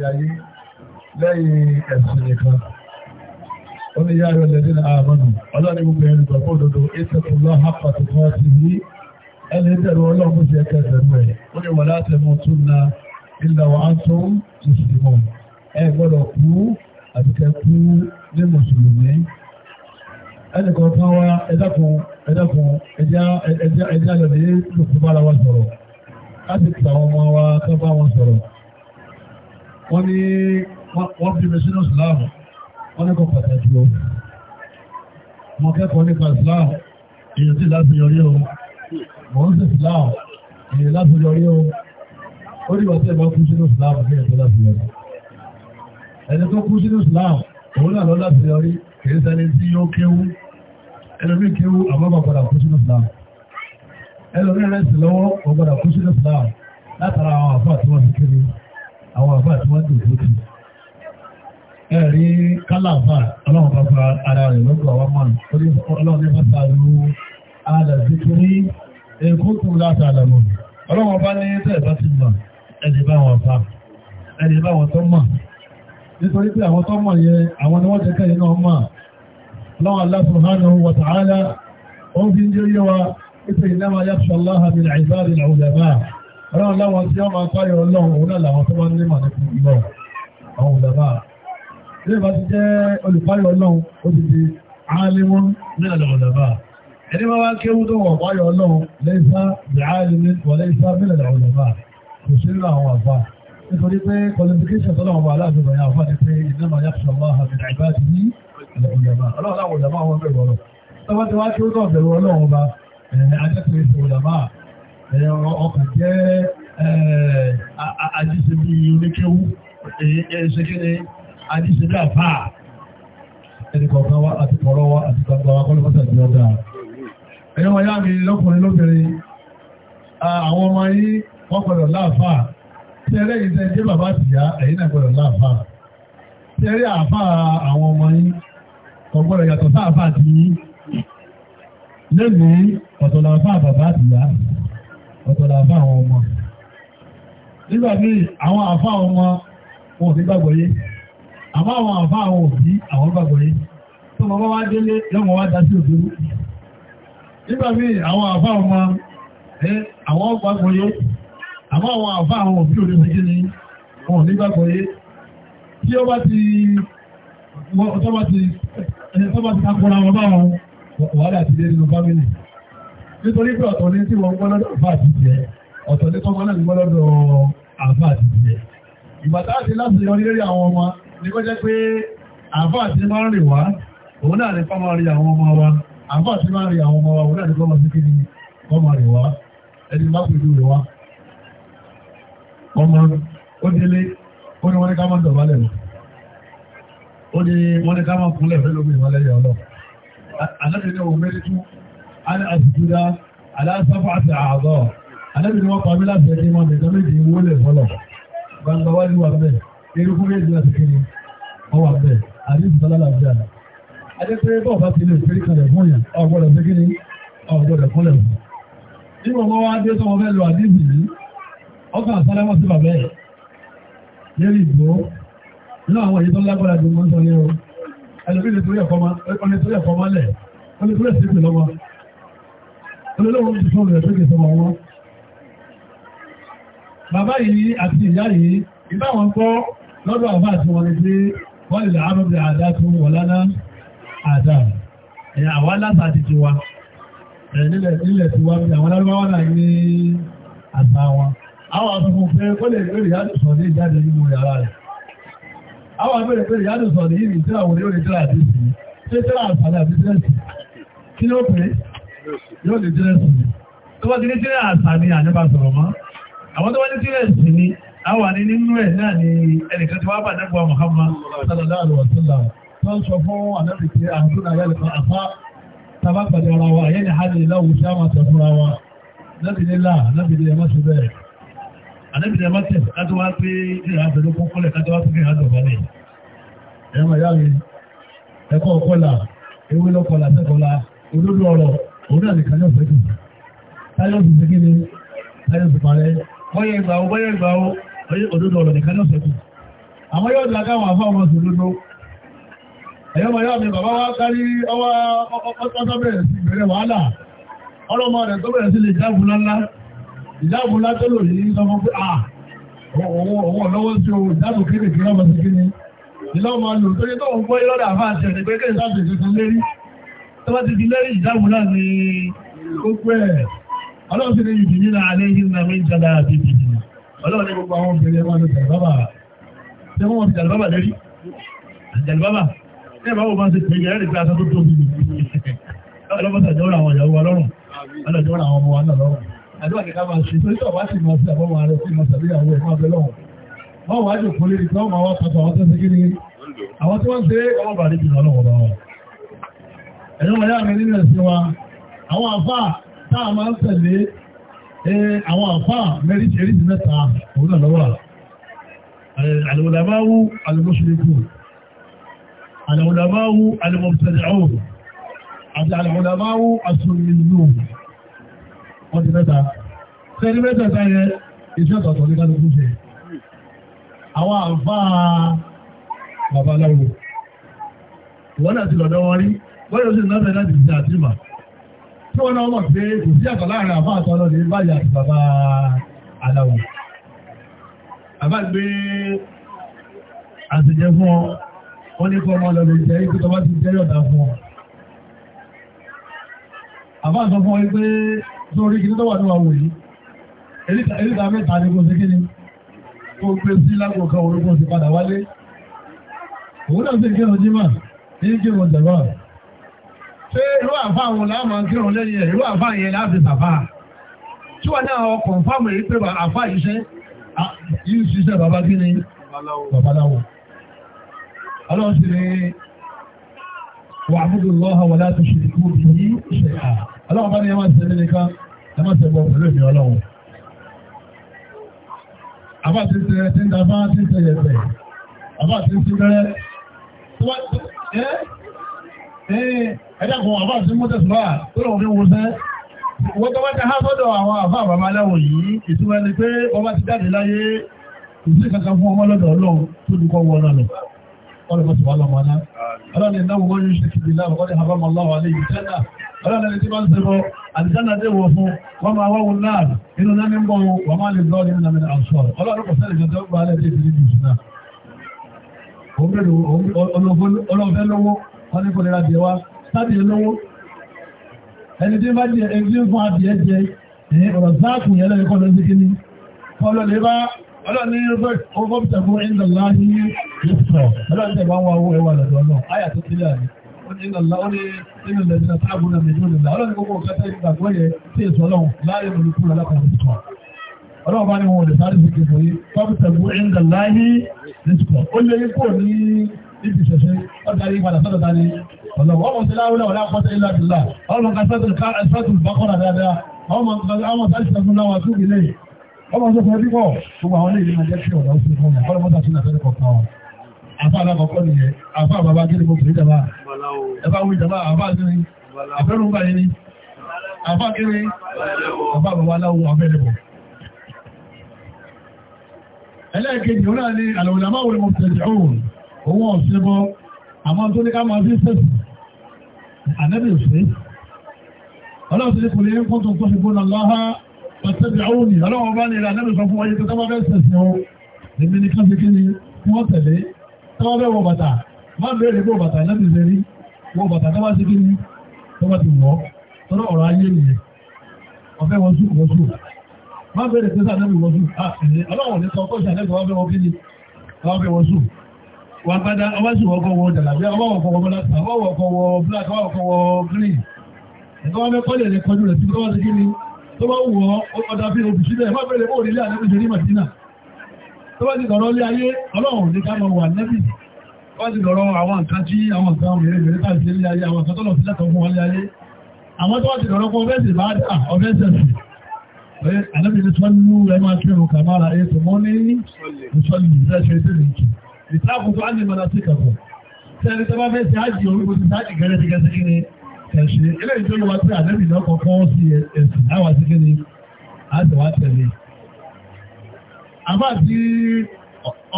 ìgbésí ayé lẹ́yìn ẹ̀sìn nìkan ó ní yára lẹ́dí ní àmọ́nù ọlọ́ni gbogbo ẹni gbàgbọ́ òdodo ìtẹ̀kùn lọ hapa tó kọ́ sí yí ẹni tẹ̀rù ọlọ́run sí ẹkẹ́ tẹ̀rù ẹ̀ ó ní wà láti mú tún na ilẹ̀ wa ń tàwọn ọmọ wa ká wọn sọ̀rọ̀ wọ́n ní wọ́n bí mẹ́sínú ìsìláàmù wọ́n ní kò pàtàkì o mọ̀ kẹ́kọ̀ọ́ nípa ìsìláàmù èyí tí láti yọrí o mọ̀ ń sì ìsìláàmù èyí láti yọrí o ó rí wọ́n tí ẹ̀bá kú sínú ìsìláàmù ní ẹ̀tọ́ láti yọrí ẹni tó kú sínú ìsìláàmù òun náà lọ láti yọrí kìí sẹni tí yóò kéwú ẹlòmí kéwú àbábà padà kú sínú ìsìláàmù ẹlòmí rẹ̀ sì lọ́wọ́ ọgbàdà kú sínú ìsìláàmù látara àwọn àfọ àti wọn ti kéwú àwọn àfà tí wọ́n dùn fótì ẹ̀rí kálàfà ọlọ́run bá fa ara rẹ̀ lọ́gbọ̀ àwọn mọ́ torí ọlọ́run nípa sàrú alàzí torí èkó tó láti àlàmù ọlọ́run bá ní tẹ̀ bá ti mọ̀ ẹ̀dì bá wọn fa ẹ̀dì bá wọn tó mọ̀ nítorí pé àwọn tó mọ̀ yẹ àwọn ni wọ́n jẹ́ kẹ́yìn náà mọ̀ lọ́wọ́ Allah subhanahu wa ta'ala ó fi ń jẹ́ yẹ wa ìpè ìlànà yàtọ̀ Ọlọ́run láwọn tí wọ́n máa páyọ̀ ọlọ́run òun náà làwọn tó máa ń lémà nípa ìlọ àwọn òdàbà. Ilé ìbá ti jẹ́ olùpáyọ̀ ọlọ́run ó ti di àálímọ́ ní àwọn òdàbà. Ẹni máa wá kéwú tó wọ̀ páyọ̀ ọlọ́run lẹ́sà ìhálímí wọ lẹ́sà mílẹ̀ àwọn òdàbà. Kò sí nínú àwọn àfà. Nítorí pé qualification tó láwọn bá aláàbò bẹ̀rẹ̀ àfà ni pé iná máa yá sọ̀rọ̀ máa hàmì àìbá ti ní òdàbà. Ọlọ́run láwọn òdàbà wọn bẹ̀rù ọlọ́run. Tọ́wọ́ ti wá kéwú tó bẹ̀rù ọlọ́run ọba. Ẹ̀ẹ́n ọkà jẹ́ àdíṣebí oníkéwú ẹ̀ṣẹ́kẹ́ni àdíṣebí àfáà ẹnìkọ̀ọ̀kan wá àti kọ̀rọ̀ wá àti gbangba wá kọ́lọ́pọ̀tà ìjọ dáa ẹ̀yọ́ wáyá mi lọ́kùnrin lóbìnrin àwọn ọmọ yí wọ́n gbọ́dọ̀ láàfáà tí ẹrẹ́ yìí tẹ́ jẹ́ bàbá tìyá ẹ̀yìn náà gbọ́dọ̀ láàfáà tí ẹrẹ́ àfáà àwọn ọmọ yí kọ̀ gbọ́dọ̀ yàtọ̀ sáàfáà ti yí lẹ́nu ọ̀tọ̀ làfáà bàbá tìyá ọ̀tọ̀lá àfá àwọn ọmọ nígbà míì àwọn àfá àwọn ọmọ wọn ò fi gbàgbọ́ yé àmọ́ àwọn àfá àwọn òbí àwọn gbàgbọ́ yé tó mọ́ wá délé lọ́mọ wá dá sí òdúrú nígbà míì àwọn àfá ọmọ ẹ àwọn gbàgbọ́ yé àmọ́ àwọn àfá àwọn òbí ò lè fi kí ni wọn ò ní gbàgbọ́ yé tí ó bá ti tọ́ bá ti kakọ́ra wọn báwọn wàhálà ti dé nínú fámìlì nítorí pé ọ̀tọ̀ ní tí wọ́n gbọ́ lọ́dọ̀ àfáà ti jẹ́ ọ̀tọ̀ ní kọ́mọ náà gbọ́ lọ́dọ̀ àfáà ti jẹ́ ìgbàtà àti láti yọ lórí àwọn ọmọ ní kọ́ jẹ́ pé àfáà ti máa ń rìn wá òun náà ní kọ́mọ rí àwọn ọmọ wa àfáà ti máa ń rí àwọn ọmọ wa òun náà ní kọ́mọ sí kí ni kọ́mọ rìn wá ẹni bá pè lórí wa ọmọ ó délé ó ní wọ́n ní ká máa ń dọ̀bálẹ̀ lọ ó ní wọ́n ní ká máa kúnlẹ̀ fẹ́ lómi ìwọlẹ́yà ọlọ́ ana àtìkúdá aláṣàfà àti àgọ́ alábìrì wọn pàmí láti ẹni wọn nìkan méjì wọlé fọlọ gbangba wájú wà bẹ́ẹ̀ erékùn méjì láti kiri wọn wà bẹ́ẹ̀ àdéhùn sọlá làbí àná adépẹ́ bọ́ọ̀ bá ti lè fẹ́rí kalẹ̀ fún yàn ọ̀gbọ́dọ̀ fẹ́ kiri ọ̀gbọ́dọ̀ kọlẹ̀ fún. nínú ọmọ wa dé sọmọ fẹ́ lọ àdéhùn yìí ọkàn sálámà sí bàbá ẹ̀ yẹ́rì ìgbó nínú àwọn èyí tó lágbára ju mọ́ sọ ní o ẹlòmí olólùwọ́n ti fún rẹ̀ sókè sọmọ wọn. Bàbá yìí àti ìyá yìí, ìbá wọn kọ́ lọ́dọ̀ àbá àti wọn ni pé wọ́n lè láàárọ̀ bí àdá tó ń wọ̀ lánàá àdá. Ẹ̀yà àwa láta ti ti wa. Nílẹ̀ ti wá bí àwọn lárúbáwá náà ní àṣà wọn. Àwọn àtúnkùn pé ó lè lórí ìyádùn sọ̀ ní ìjáde nínú yàrá rẹ̀. Àwọn àbẹ̀rẹ̀ pé ìyádùn sọ̀ ní ìrìn tí àwọn olórí tíra yóò ní dírẹ́sì ni tó bá ti ní dírẹ́ àṣà ni àjọba sọ̀rọ̀ mọ́ àwọn tó bá ní dírẹ́sì ni a wà ní nínú ẹ̀ náà ni ẹnìkan tí wọ́n bá dẹ́gbà Muhammad sallallahu alaihi wasallam tó ń sọ fún ànábì pé àdúrà ayé lè fa àfá tábà pàdé ara wa ayé ni hali láwùú sí àwọn àtọ̀ fúnra wa nábì ní là nábì ní ẹmọ́ sí bẹ́ẹ̀ ànábì ní ẹmọ́ tẹ̀ kájọ wá pé ìrìn àjò ló kún kọ́lẹ̀ kájọ wá pé ìrìn àjò balẹ̀ ẹ̀mọ̀ yá mi ẹ̀kọ́ ọ̀kọ́là ewé lọ́kọ̀là sẹ́kọ̀là òdodo ọ̀rọ̀ òun náà nìkan yóò fẹ́jù táyọ̀sì ṣe kíni táyọ̀sì mi bàbá wa kárí ọwọ́ ọtọ́ sí ìbẹ̀rẹ̀ wàhálà ọlọ́mọ rẹ̀ tó bẹ̀rẹ̀ sí lè jáàbù lọ́lá ìjáàbù látọ́ lòdì sọmọ pé à òun ọ̀lọ́wọ́ sí o ìjáàbù kéékèèké lọ́mọ sí kíni ìlọ́mọ lò tó ń gbọ́ tó bá ti di lẹ́yìn ìdáhùn náà ní gbogbo ẹ̀ ọlọ́run sì ní yìí ní náà alẹ́ yìí náà méjì dáadáa àti ìdìbò ọlọ́run ní gbogbo àwọn obìnrin wọn ní jàlùbábà ṣé wọ́n fi jàlùbábà lérí jàlùbábà ní ìbáwò bá ń ṣe pèjì ẹ̀rì pé aṣọ tó tóbi ní ọlọ́mọsàjọ́ra àwọn ìyàwó wa lọ́rùn ọlọ́jọ́ra àwọn ọmọ wa náà lọ́rùn àdúrà kẹta máa ṣe pé tí ọba sì máa ṣe àbọ̀mọ̀ ààrẹ sí máa ṣàbíyàwó ẹ̀ máa bẹ lọ́wọ́ wọ́n wá jòkó lórí tí wọ́n máa wá pàtó àwọn tó ń ṣe kí ni àwọn tí wọ́n ń ṣe ọmọ bàdé jùlọ ọlọ́wọ́ bá wọn ẹ̀yọ́ wọ́n yára mi nínú ẹ̀sìn wa àwọn àfáà táà máa ń tẹ̀lé àwọn àfáà mẹ́rìndínlẹ́sì mẹ́ta òun náà lọ́wọ́ àlùwọ̀dàmáwú alùmọ́ṣẹ́lẹ́kù àlùwọ̀dàmáwú alùmọ́ṣẹ́lẹ́kù àti àlùwọ̀dàmáwú asùnmìnú wọ́n ti mẹ́ta sẹ́ni mẹ́tẹ̀ẹ̀ta yẹ iṣẹ́ ọ̀tọ̀ọ̀tọ̀ bọ́yọ̀ sí náà láti fi àti mà tí wọ́n náà mọ̀ pé kò sí àtọ̀ láàrin àbá àtọ̀ lọ́dẹ báyìí àti bàbá aláwọ̀ àbá gbé àtẹ̀jẹ́ fún ọ wọ́n ní kọ́ ọmọ lọ́dẹ jẹ́ ikú tó bá ti jẹ́ yọ̀dá fún ọ àbá sọ fún ọ pé tó rí kìí tó wà níwà wòyí eríta mẹ́ta ní kò sí kí ni kó gbé sí lágbò kan orúkọ sí padà wálé òun náà sí ìkẹ́rùn-ún jímà ní ìkẹ́rùn-ún jàmáà pé irú àfá àwọn láàmà ń kírùn lẹ́yìn ẹ̀ irú àfá yẹn láti sàfá tí wọ́n náà ọkọ̀ fáàmù èyí pé àfá iṣẹ́ yìí ṣiṣẹ́ bàbá kí ni babaláwo ọlọ́run sì ni wà fúdù lọ́ha wà láti ṣe kú ní ṣe à ọlọ́run bá ní ẹmọ́ ṣe nílé kan ẹmọ́ ṣe bọ́ pẹ̀lú èmi ọlọ́run àbá ti ṣe ti ń ta bá ti ṣe ẹ̀dàkùn àbá sí mọ́tẹ̀sùbá tó lọ́wọ́ fi wọ́n sẹ́ wọ́n tó bá ti há sọ́dọ̀ àwọn àfá àbàmà aláwọ̀ yìí ìtumọ̀ ni pé wọ́n bá ti jáde láyé ìsí kankan fún ọmọ lọ́dọ̀ ọlọ́run tó dùkọ́ wọn lọ ọlọ́pàá ti wà lọ́mọ náà ọlọ́run ni náà wọ́n yóò ṣe kìbí láàrín ọdẹ àbámọ́ aláwọ̀ alẹ́ yìí tẹ́lá ọlọ́run ni tí wọ́n ń sẹ́kọ́ àdìjánà dé wọ fún wọ́n máa wọ́wọ́ náà inú náà ní ń bọ̀ wọ́n lọ́wọ́ wọ́n tàbí olówó ẹni tí bá jẹ ẹni tí ń fún adìẹ jẹ ní ọ̀rọ̀ záàkù yẹn lẹ́yìn kọ́lọ́ sí kíní kọ́lọ́ lè bá ọlọ́ni ọgọ́bìtà fún ìndàlá ní ìsọ̀ ọlọ́ni tẹ̀ bá wọn owó ẹwà lọ́dọ̀ ọlọ́ àyà tó kílẹ̀ àní ó ní ìlàlá ó ní nínú ilẹ̀ nínú táàbù náà méjì nínú ìlà ọlọ́ni gbogbo kẹta ìgbàgbọ́ yẹ tí èso ọlọ́run láàyè olùkú alákàtà ìsọ̀ ọlọ́run bá ní wọn ò lè sáré sí kékeré kọ́bìtà fún ìndàlá ní ìsọ̀ ó lé kó ní níbi ìṣẹ̀ṣẹ̀ ọ̀darí padà sọ́dọ̀ ta ni ọlọ́wọ́ ọmọ sí láwùlá wọlé àkọsẹ́ ilé àdúrà ọmọ nǹkan sẹ́tù bákọ́rà dáadáa ọmọ nǹkan sẹ́tù náà wà tún ilé ọmọ sọ fún ẹbí pọ̀ gbogbo àwọn ilé ìrìnàjẹ́ kí ọ̀dà ó fún ọmọ ọlọ́mọ sàtún àtẹ́lẹ̀ kọ̀ọ̀kan wọn àfa alákọ̀ọ́kọ́ nìyẹn àfa bàbá kí ni mo pè jàmbá ẹ̀fà wí jàmbá àfa kiri àfẹ́rù ń báyìí ni àfa kiri àfa bàbá aláwo abẹ́rẹ́ bọ̀ ẹlẹ́ẹ̀kejì òun náà ni àlọ́wọ̀lá wọlé mo pè òun ọ̀sẹ̀ bọ́ àmọ́ tó ní ká máa fi sẹ́sì ànẹ́bì òṣèré ọlọ́run ti ní kò lè ń kún tó tó fi gbóná lọ́ha pàtẹ́bì àwọn òní ọlọ́run bá nílẹ̀ ànẹ́bì sọ fún wáyé tó tábà bẹ́ẹ̀ sẹ̀sì o èmi ní ká fi kí ni kí wọ́n tẹ̀lé tábà bẹ́ẹ̀ wọ bàtà má béèrè bó bàtà ànẹ́bì ṣe rí wọ bàtà tábà sí kí ni tábà ti wọ̀ tọ́lọ́ ọ̀rọ̀ ayé nìyẹn ọ̀fẹ́ wọn sùn wọn sùn má béèrè pé sànẹ́bì wọn sùn wà pátá ọwọ́ sì wọ́kọ́ wọ jàlàbí ọwọ́ wọ́kọ́ wọ bọ́lásà ọwọ́ wọ́kọ́ wọ black ọwọ́ wọ́kọ́ wọ green ẹ̀kọ́ wọn mẹ́kọ́ lè rẹ kọjú rẹ̀ sí bí wọ́n ti kí ni tó bá wù ọ́ ọ̀dà fi òbí sílẹ̀ má bẹ̀rẹ̀ bó rí ilé àdébí ṣerí màdínà tó bá ti dọ̀rọ̀ lé ayé ọlọ́run ní ká máa wà nẹ́bì tó bá ti dọ̀rọ̀ àwọn nǹkan tí àwọn nǹkan mìíràn mìíràn mọ́ ní ìsọ́lù ìṣẹ́ṣẹ́ ìṣẹ́lẹ̀ ìkì ìtàkùtù ánìmọ̀lá sí kàkọ̀ tẹ́lẹ̀ tó bá fẹ́ sí ájì orúkọ sí ájì gẹ́rẹ́ ti gẹ́sí kí ni ẹ̀ṣẹ̀ ilé ìjọ yóò wá sí àdébì náà kọ̀ọ̀kan ó sì ẹ̀sìn láwà sí kí ni á sì wá tẹ̀lé àbá àti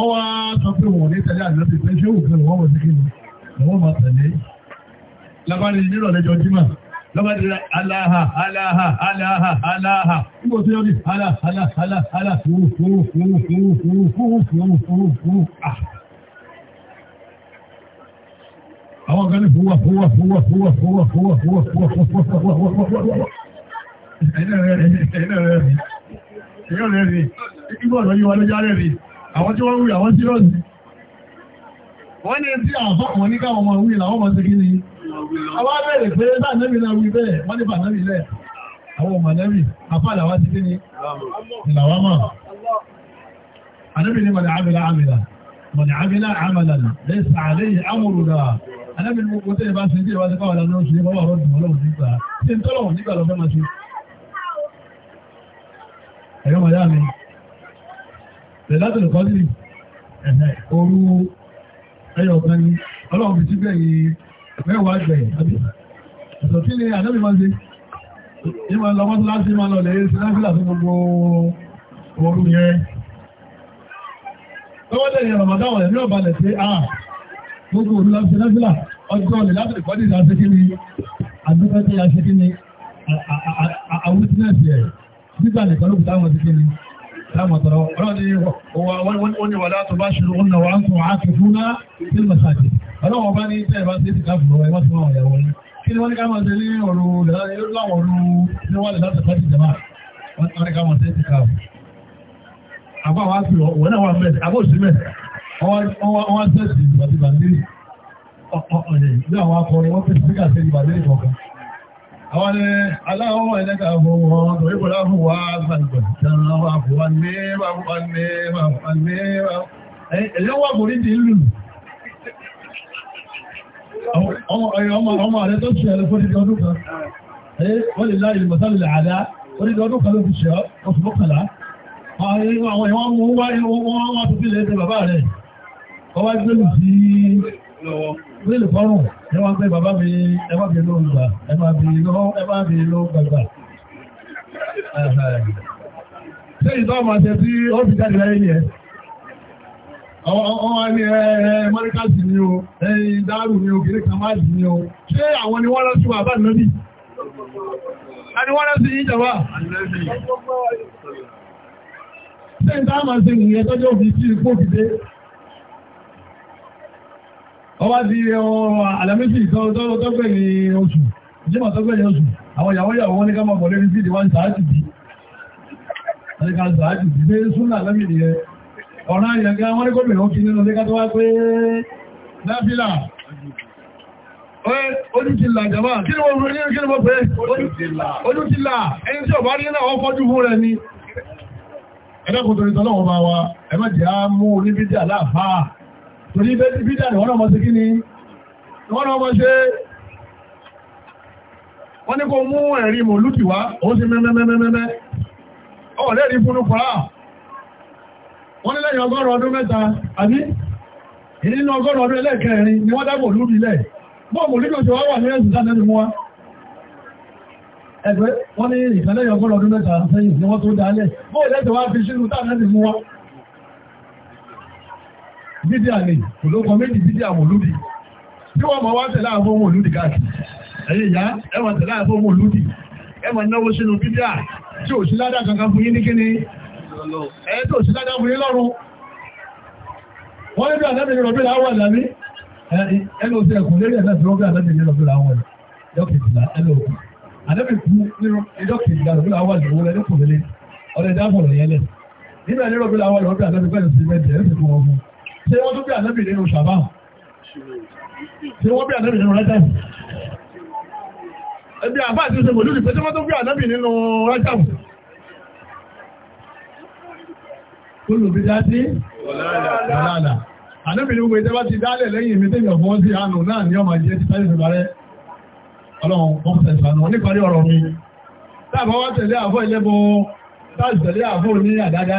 ọwá sọ pé wọn ní tẹ̀lé àdébì pé ṣé òkè wọn wọ̀ sí kí ni wọn máa tẹ̀lé lábárí nínú ọ̀lẹ́jọ jímà lábárí aláha aláha aláha aláha nígbò tó yọ́ ní aláha aláha aláha ah àwọn kan ní fúwà fúwà fúwà fúwà fúwà fúwà fúwà fúwà fúwà fúwà fúwà fúwà ẹ̀yìn rẹ̀ rí ẹ̀yìn rẹ̀ rí igbó ọ̀dọ́ yíwa ló járẹ̀ rí àwọn tí wọ́n wí àwọn tí lọ́sí wọ́n ní tí àfá àwọn ní káwọn ọmọ wí làwọn ọmọ sí kí ni àwọn abẹ́rẹ̀ pé sáànẹ́bì náà wí bẹ́ẹ̀ wọ́n ní fànẹ́bì lẹ̀ àwọn ọmọ nẹ́bì afá làwọn ti kí ni làwọn mọ̀ ànẹ́bì ní mọ̀lẹ̀ àmìlà àmìlà mọ̀lẹ̀ àmìlà àmìlà lẹ́sà àlẹ́yìn amúrùdà alábìnrin gbogbo tẹ́lẹ̀ bá ṣe tí ìwádìí káwà lánàá ṣe bá wà rọ́dùn ọlọ́run nígbà tí ń tọ́lọ̀ nígbà lọ́fẹ́ máa ṣe ẹ̀yọ́ màá yá mi lẹ́látìlẹ̀ kọ́sìlì ooru ẹyọ ọ̀gbẹ́ ni ọlọ́run fi síbẹ̀ yìí mẹ́wàá gbẹ̀ àbí ọ̀sọ̀ kí ni àdábì máa ṣe yìí máa lọ mọ́sálásí máa lọ lẹ́yìn sí láfíà fún gbogbo ooru yẹn tọ́wọ́dẹ̀ yẹn ramadan rẹ̀ ní ọ̀balẹ̀ pé ah gbogbo òun lọ́sí lọ́sílà ọjọ́ ọ̀lẹ̀ láti ìkọ́dì ìdáṣẹ́ kí ni àdúgbò tí a ṣe kí ni àwùtínẹ̀sì ẹ̀ nígbà nìkan ló táwọn ti kí ni táwọn tọrọ ọlọ́run ni wọ́n ní ni kí ni wọ́n ní wọ́n náà wà mẹ́rin àbóòsí mẹ́rin wọ́n tẹ̀sí ìgbàdìgbà ní ọ̀ọ̀ọ̀yẹ̀ ilé àwọn akọrin wọ́n tẹ̀sí síkà sí ìgbàdìgbà ìkọ̀kan àwọn ni aláwọ̀ ẹ̀lẹ́gà fún wọn tó yípo láfún wá gbàgbà tẹ́ran wà fún wa ní wà fún wa ní wà fún wa ní wà ẹ̀yẹ́ wà kò ní ti lù ọmọ rẹ̀ tó ṣe ẹ̀lẹ́ fórí ọdún kan wọ́n lè láì mọ̀sálì àdá fórí ọdún kan ló fi ṣe ọ́ oṣù mọ́kànlá àwọn ìwọ̀n mú wá ìwọ̀n wọ́n wá tó fi lè ṣe bàbá rẹ̀ ọwá gbélù sí gbélù fọ́rùn ní wọ́n pé bàbá mi ẹbá bí ló gbà ẹbá bí ló gbàgbà ṣe ìtọ́ ọmọ àṣẹ tí ó fi jáde láyé ni ẹ ọwá ní ẹ mọ́ríkàsì ni o ẹ̀yìn dáàrù ni o kìrì kàmáàdì ni o ṣé àwọn ni wọ́n lọ́sùn àbá nìlọ́bì àni wọ́n lọ́sùn yìí jọba ṣe ìtọ́ ọmọ àṣẹ nìyẹn tọ́jọ́ òfin sí ipò òfin ọba ti eh, àlàmẹ́sì tọ́gbẹ̀rẹ̀ oṣù jímọ̀ tọ́gbẹ̀rẹ̀ oṣù àwọn ìyàwó ìyàwó wọn ní ká máa bọ̀ lórí fídí wọn sàájì bí ẹ̀ka sàájì bí pé súnà lẹ́mì nìyẹn ọ̀rọ̀ àyẹ̀gá wọn ní gómìnà òkè nínú lẹ́ka tó wá pé nábìlà ojú ti là jàmá kí ni wọ́n rí kí ni wọ́n pé ojú ti là ẹni tí ọ̀bá rí náà wọ́n fọ́jú fún rẹ ni ẹ̀dẹ́kùn torí tọ́lọ́wọ́ bá wa ẹ̀mẹ́jẹ̀ á mú oníbídí àláàfáà torí bẹ́ẹ̀ bídà ni wọ́n náà sí kí ni wọ́n náà ṣe wọ́n ní kó mú ẹ̀rí mọ̀lúkì wá ó sì mẹ́mẹ́mẹ́mẹ́mẹ́ ọ̀ lẹ́rí wọ́n lẹ́yìn ọgọ́rùn ọdún mẹ́ta àbí ìnínú ọdún ẹlẹ́ẹ̀kẹrin ni wọ́n ni bídíà ni kò ló kọ méjì bídíà mòlúdì bí wọ́n mọ̀ wá tẹ̀lé àwọn ohun olúdì káàkiri ẹ̀yẹ ìyá ẹwà tẹ̀lé àwọn ohun olúdì ẹwà náwó sínú bídíà tí ò sí ládà kankan fún yín ní kíni ẹ̀yẹ tó sí ládà fún yín lọ́rùn wọ́n ní bí àdábì ní rọ̀bí láwọn àdábì ẹnu òsì ẹ̀kùn lérí ẹ̀dá tí wọ́n bí àdábì ní rọ̀bí láwọn ẹ̀dọ́kìtìlá ẹnu òkú àdábì kú nínú ẹ̀dọ́kìtìlá rọ̀bí láwọn àdìwọ́ ẹ̀dọ́kùnrin ọ̀rẹ́dá fọ̀rọ̀ yẹn lẹ̀ nínú ẹ̀dọ́kìtìlá rọ̀bí àdábì pẹ̀lú sí mẹ́jẹ̀ ẹ̀sìn fún wọn fún Ṣé wọ́n tún bí ànábì nínú ṣàbá? Ṣé wọ́n bí ànábì nínú rẹ́tà? Ẹbí àbá àti ṣe mòlúdì pé tí wọ́n tún bí ànábì nínú rẹ́tà. Olùbídá sí ọ̀làlà. Ànábì ní ti dálẹ̀ lẹ́yìn mi tẹ́lẹ̀ sí àánú náà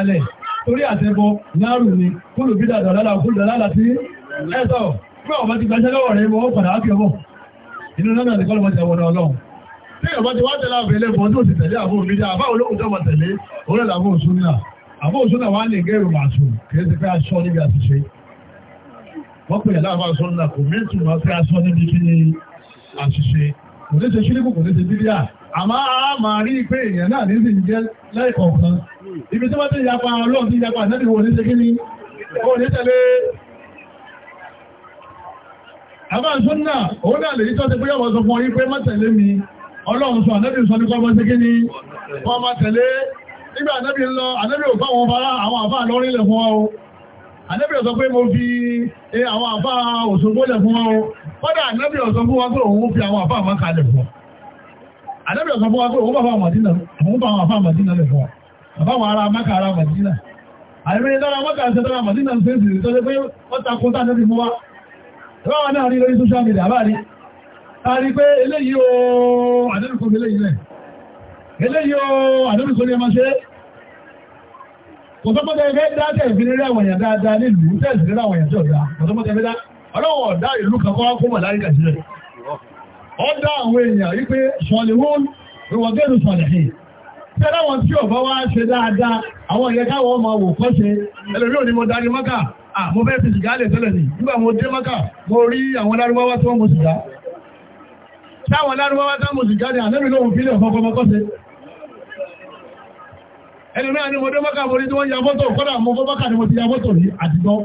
ní torí àtẹ́bọ náàrù ni kúlù bí dàdà lálà kúlù dàdà lálà sí ẹ̀sọ́ fún ọ̀bá ti gbàṣẹ́ lọ́wọ́ rẹ̀ wọ́n padà á fi ọmọ inú náà ní kọ́lọ́mọ́ ti àwọn ọlọ́run tí ọba ti wá tẹ̀lé àbẹ̀lẹ̀ bọ́ tó ti tẹ̀lé àbọ̀ òmìnira àbá olóhùn tó mọ̀ tẹ̀lé orí làbọ̀ òsún náà àbọ̀ òsún náà wà ní gẹ́rù màṣù kìí ti fẹ́ aṣọ níbi àṣìṣe wọ́n pè láàbà aṣọ náà kò mí tù wọ́n fẹ́ aṣọ níbi kí ni àṣìṣe kò ní ṣe ṣílíkù kò ní ṣe bíbíà a máa rí pé èèyàn náà ibi tí wọ́n ti yapa ọlọ́run ti yapa àṣẹ́bí wọ́n ní ṣe kí ni ó ní tẹ̀lé àbá ṣúnnà òun náà lè tọ́ ti pé yọ́wọ́ sọ fún ọyí pé má mi ọlọ́run sọ ànábì sọ ní kọ́mọ́ ṣe kí ni wọ́n má tẹ̀lé nígbà fún wa pé òun bá fáwọn àmàdínà lẹ̀ fún ọ àbáwọn ará Mákà ará Màdínà àìrìn dára Mákà ṣe dára Màdínà ṣe ń sì tó lé pé ó takun tá nẹ́bí mú wá ìwọ́n náà rí lórí social media bá rí tàrí pé eléyìí o àdẹ́rùkọ́ eléyìí rẹ̀ eléyìí o àdẹ́rùkọ́ ní ẹmọ ṣe kò tọ́pọ́tẹ́ ẹgbẹ́ dá tẹ̀ ìfìnirẹ́ àwọn èèyàn dáadáa nílùú tẹ̀ ìfìnirẹ́ àwọn èèyàn tí ọ̀dá kò tọ́pọ́tẹ́ ẹgbẹ́ dá ọlọ́wọ̀ ọ̀dá ìlú kankan kó mọ̀ lárí kàṣírẹ̀ ọ̀dá àwọn èèyàn wípé sọ̀lẹ̀wọ́n ìwọ̀gẹ́rù sọ̀lẹ̀ Tẹ́lá wọn tí ọ̀bọ̀ wá ṣe dáadáa, àwọn ìyẹn káwọn ọmọ wò kọ́ ṣe, ẹlòmí ò ní mo darí mọ́kà, mo fẹ́ fi sìgá lè tẹ́lẹ̀ ní, nígbà mo dé mọ́kà, mo rí àwọn lárúbáwá tí wọ́n mo sìgá. Táwọn lárúbáwá tí wọ́n mo sìgá ni àlẹ́mi lóhun fi lè ọ̀fọ́kọ́ mọ́kọ́ ṣe. Ẹlòmí àni mo dé mọ́kà mo rí tí wọ́n ya fọ́tò, kọ́dà mo fọ́ mọ́kà ni mo ti ya fọ́tò ní àdìgbọ́.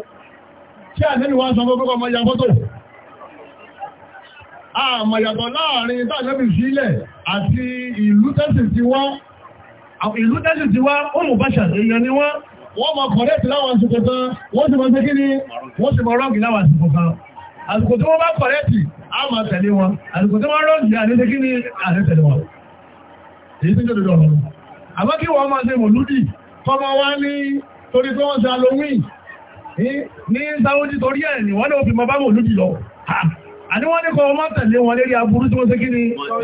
Ṣé àlẹ́mi wá sọ fọ́kọ́ mo ya fọ́tò? Àmàyàtọ̀ láàrin táàlẹ́mi sílẹ̀ àti ìlú tẹ́sì ti wọ́n ìlú tẹ́jù ti wá ọmọ báṣà èèyàn ni wọ́n wọ́n mọ̀ kọ̀rẹ́tì láwọn àsìkò kan wọ́n sì mọ̀ sí kí ni wọ́n sì mọ̀ rọ́ọ̀gì láwọn àsìkò kan àsìkò tí wọ́n bá kọ̀rẹ́tì á máa tẹ̀lé wọn àsìkò tí wọ́n rọ́ọ̀gì àdéṣe kí ni àdéṣẹ̀lẹ̀ wọn èyí tí jọ́dọ̀ ọ̀rọ̀ àmọ́ kí wọ́n máa ṣe mọ̀lúdì tọmọ wá ní torí tó wọ́n ṣe halloween ní Saudi torí ẹ̀ ni wọ́n lè fi mọ bá mọ̀lúdì lọ àní wọ́n ní kọ ọmọ tẹ̀lé wọn lérí aburú tí wọ́n ṣe kí ni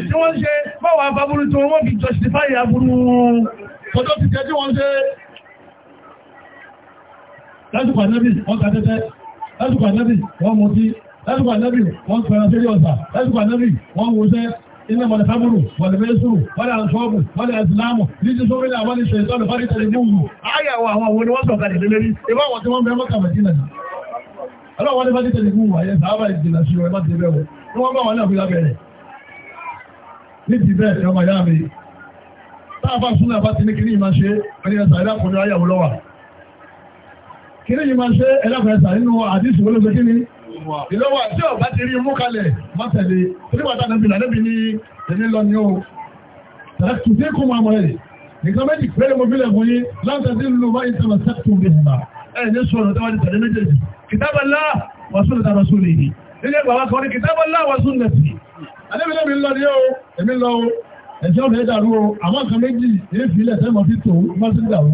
tí wọ́n ṣe báwọn aburú tí wọ́n fi justify aburú ọjọ́ ti jẹ́ tí wọ́n ṣe lásìkò ànẹ́bì wọ́n ka tẹ́tẹ́ lásìkò ànẹ́bì wọ́n mú sí lásìkò ànẹ́bì wọ́n pẹ̀rẹ̀ sí ọ̀sà lásìkò ànẹ́bì wọ́n wò sẹ́ iná mọ̀lẹ̀ fábùrù wọ̀lẹ̀ mẹ́sùrù wọ́lẹ̀ àṣọ́bù wọ́lẹ̀ àṣìláàmù nítorí sórílẹ̀ àwọn ìṣẹ̀lẹ̀ tọ́lù fárí tẹ̀lé ní òwú. ayàwó àwọn òwú ni wọ́n sọ̀kalẹ̀ lórí ìbáwọ̀ tí wọ́n bẹ̀rẹ̀ mọ́kànlá ọlọ́wọ́n ní bá títẹ̀lé fún wà yẹn sáábà ìjìnlẹ̀ sí ọ̀rẹ́ bá ti bẹ̀rẹ̀ ní wọ́n bá wọn náà fi lábẹ̀rẹ̀ ní ti bẹ́ẹ̀ ọmọ ìyá mi táàbà súnà bá ti ní kíní ìmá ṣe ẹni ẹ̀sà ẹ̀dàkùnrin ayàwó lọ́wà kíní ìmá ṣe ẹ̀dàkùnrin ẹ̀sà nínú àdísù olóògbé kíní ìlọ́wà tí ọ̀ bá ti rí mú kalẹ̀ má tẹ̀lé oníwàtà nàbì nàbì ní ẹni lọ ní o tàbí tí kò máa mọ̀ ẹ̀ nìkan méjì pẹ́rẹ́ mo bílẹ̀ fún yín láǹtà sí lùmọ́ ìtàlá sẹ́kùn bẹ̀rẹ̀ ẹ̀ ní sọ̀rọ̀ tẹ́wàá kìtàbà láà wà súnlẹ̀ tàbà súnlẹ̀ yìí nílé ìgbà wá kọrí kìtàbà láà wà súnlẹ̀ sí adébìlẹ̀ mi lọ ní o èmi lọ o ẹ̀ṣẹ́ ọ̀fẹ́ ìdàrú o àmọ́ kan méjì èéfì ilẹ̀ tẹ́mọ̀ fi tò bọ́ sí ìdàrú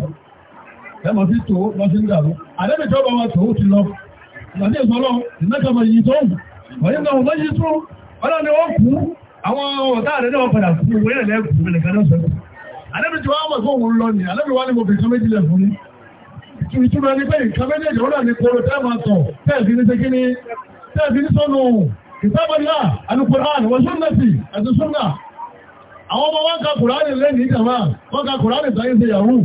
tẹ́mọ̀ fi tò bọ́ sí ìdàrú adébìlẹ̀ ọba wa tò ó ti lọ ìgbàdí ìsọlọ ìmẹ́kàmọ̀ yìí tó wọ́n yìí náà yìí tó ọlọ́run ni wọ́n kú àwọn ọ̀tá rẹ̀ náà padà kú wọ́n yẹ̀ lẹ́kùn ìtura ní pé nǹkan méjèèjì wọ́n ní kóró tẹ́ máa tọ̀ tẹ́ẹ̀sì ní sekíní tẹ́ẹ̀sì ní sọ́nù ìtàbọ̀lá alukùránì wọ́n súnnàtì àti súnnà àwọn ọmọ wọn ka kùránì lẹ́nìí ìjàmá wọn ka kùránì tán ìṣe yahoo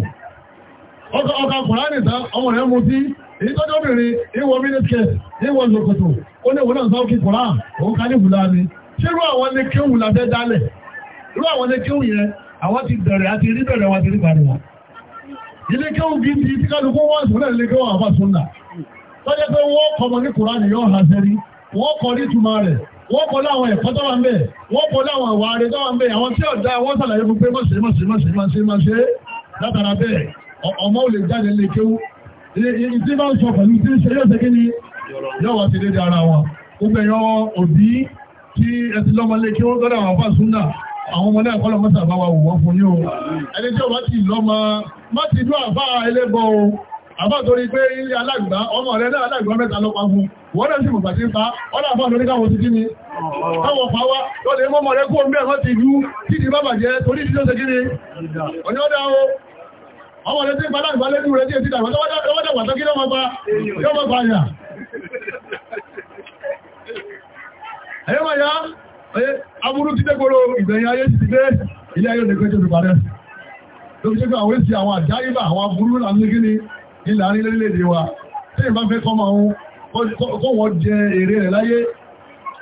ọka kùránì tán ọmọ rẹ̀ mú sí èyí tó dóbìnrin ìwọ mínísítẹ̀ ìwọ ìṣòkòtò ó ní ìwọ̀n náà kí kùrán òun ká ní fùlá ni ṣé ilé kéwù bí ti tí kálukú wọ́n sùn náà ilé kéwù àbá sùn náà lọ́jọ́ pé wọ́n kọmọ ní kùránì yóò ha sẹ́rí wọ́n kọ ní túmọ̀ rẹ̀ wọ́n kọ láwọn ẹ̀kọ́ tó wà ń bẹ̀ wọ́n kọ láwọn àwọn ààrẹ tó wà ń bẹ̀ àwọn tí ọ̀dá wọ́n sàlàyé fún pé mọ̀ṣẹ́ mọ̀ṣẹ́ mọ̀ṣẹ́ mọ̀ṣẹ́ mọ̀ṣẹ́ látara bẹ́ẹ̀ ọmọ ò lè jáde lè kéwú ni yóò wá ti dédé ara wọn gbogbo ẹ̀yọ́ òbí tí ẹ ti lọ́mọ àwọn ọmọ náà kọ́lọ̀ mọ́sà bá wa wò wọ́n fún ní o ẹni tí ó bá ti lọ ma má ti dún àbá ẹlẹ́bọ o àbá torí pé ilé alágbà ọmọ rẹ náà alágbà mẹ́ta lọ́pa fún wọ́n náà sì mọ̀ pàtí ń pa ọ́nà àbá lórí káwọn ti kíni káwọn pa wá lọ́lẹ̀ mọ́mọ́ rẹ kó mẹ́ wọ́n ti dú tí ti bá bàjẹ́ torí ti lọ́sẹ̀ kíni ọ̀nà ọ̀dà o ọmọ rẹ tí ń pa alágbà lẹ́nu rẹ tí èsì dàgbà lọ́wọ́dà wà tọ́kí lọ́mọ pa yọ́mọ pa yà ẹ̀yọ́ aburú ti dégboro ìgbẹ̀yìn ayé ti dé ilé ayé òdèkọ́ ìjọba ìbàdẹ́ tó fi ṣégbà àwọn èsì àwọn àjáyébà àwọn aburú làmúlégí ni ilẹ̀ àrí lórílẹ̀-èdè wa tí ìbá fẹ́ kọ́ máa ń kó wọ́n jẹ èrè rẹ̀ láyé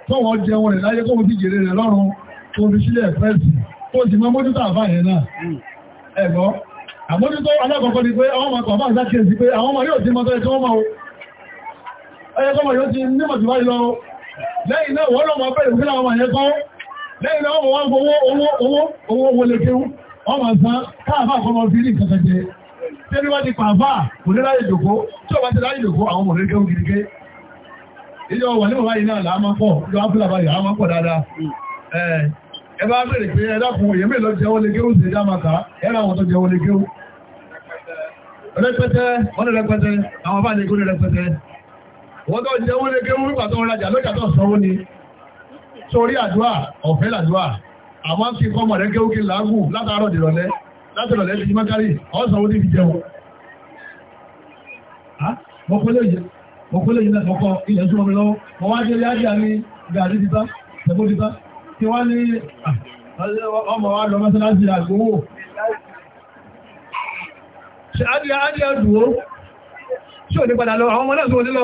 kó wọ́n jẹ wọn rẹ̀ láyé kó wọ́n fi jèrè rẹ̀ lọ́rùn tó fi sílẹ̀ pẹ́ẹ̀sì tó sì mọ́ mójútó àfáà yẹn náà ẹ̀gbọ́ àmójútó alákọ̀ọ́kọ́ ni pé àwọn ọmọ àbá àzákèsí pé àwọn ọmọ yóò ti mọ́tọ́ ẹ̀kọ́ ọmọ yóò ti nímọ̀ lẹ́yìn náà wọ́n lọ́mọ bẹ̀rẹ̀ sí láwọn àyẹ́ kan lẹ́yìn náà wọ́n gbọ́ owó owó owó owó lè kéwú wọ́n máa san káàfà kọmọ fi ní nǹkan jẹ tí ẹni bá ti pàfà kò ní láyé ìdòkó tí ó bá ti láyé ìdòkó àwọn mọ̀lẹ́ kéwú gidigé ìjọ wà ní bàbá yìí náà làá máa pọ̀ ìjọ ápùlà báyìí àá máa pọ̀ dáadáa ẹ bá bẹ̀rẹ̀ pé ẹ dákun èyí mélòó jẹ́wọ́ lè kéwú sí ìdámàkà ẹ rà àwọn tó jẹ́wọ́ lè kéwú rẹpẹtẹ wọ́n rẹpẹtẹ àwọn bá ní kó rẹpẹtẹ wọ́n tó jẹ́ wọ́n lé gé mú nígbà tó ń rajà lọ́jà tó sanwó ni sórí àdúrà ọ̀fẹ́ làdúrà àmọ́ kí kọ́ mọ̀ rẹ́gẹ́ òkè làágùn látàárọ̀ dìrọ̀lẹ́ látàrọ̀lẹ́ ti mọ́kárì ọ̀sánwó ti fi jẹun mọ̀kọ́lẹ̀ yìí lẹ́kọ̀ọ́kọ́ ilẹ̀ súnmọ́ mi lọ́wọ́ mọ̀ wá jẹ́ yájá ní gàrí títà tẹ̀kó títà tí wá ní ọmọ wa lọ mọ́sánásí àgbówó ṣe adìyà adìyà dùn ó ṣí ò ní padà lọ àwọn ọmọ náà sọ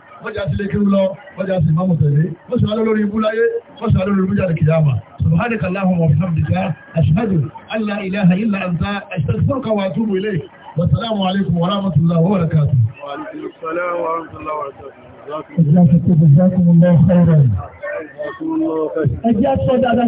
mọ́já sílé kí ń lọ mọ́já sí máa mọ̀tẹ̀lé ó sì wá lórí ibú láyé ó sì wá lórí ibú jáde kìyàmà subhanaka allahumma wa bihamdika ashhadu an la ilaha illa anta astaghfiruka wa atubu ilayk wa